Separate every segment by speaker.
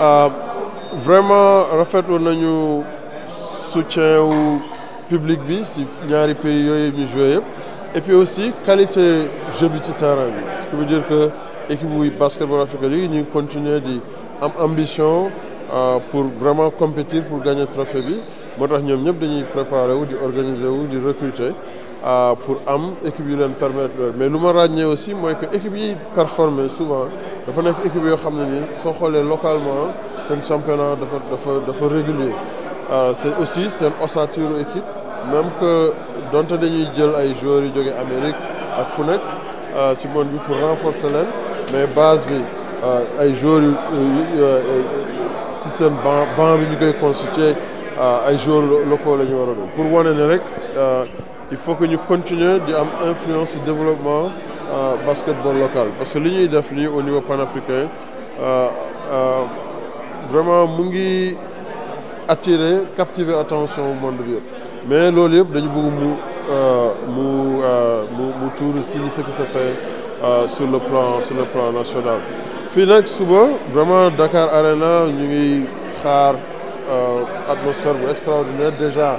Speaker 1: Euh, vraiment refait un soutien public bi si les pays et puis aussi qualité jeu terrain ce qui veut dire que l'équipe du basketball africain League ñu continuer di euh, pour vraiment compétir pour gagner trophée bi on ñom ñep dañuy préparer ou organiser recruter pour am équipe yu leen permettre mais lu ma aussi mooy que équipe yi souvent dafa nekk équipe yoo xam ne nii soo xoolee localement seen championnat dafa dafa dafa régulier euh, c'est aussi seen ossature équipe même que donte dañuy jël ay joueurs yu jóge Amérique ak fu nekk euh, ci monde bi pour renforcer leen mais base bi euh, ay joueurs yu si seen banc banc bi ñu koy constituer ay joueurs locaux la ñu war a pour wane ne rek il faut que nous continuions d'influencer le développement du euh, développement basketball local parce que que qui def fait au niveau panafricain euh, euh, vraiment Mungi attirer captiver au monde mais le ce que ça fait sur le plan sur le plan national. fii vraiment Dakar Arena nous avons une atmosphère extraordinaire déjà.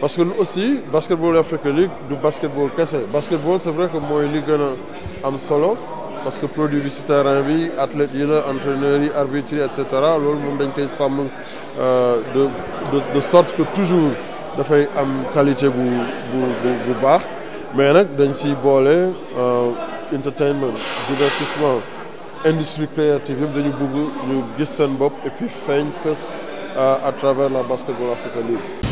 Speaker 1: parce que nous aussi basketball Africa League du basketball cassé. basketball c'est vrai que moi, il y a am solo parce que produit du visiteur terrain bi athlètes yi la entraîneurs yi arbitres etc. et cetera euh, de sorte que toujours fait am qualité bu bu bu baax mais nag dañ si l'entertainment, euh, entertainment divertissement industrie créative yëpp dañu bëgg ñu gis et puis une fesse euh, à travers la basketball Africa League.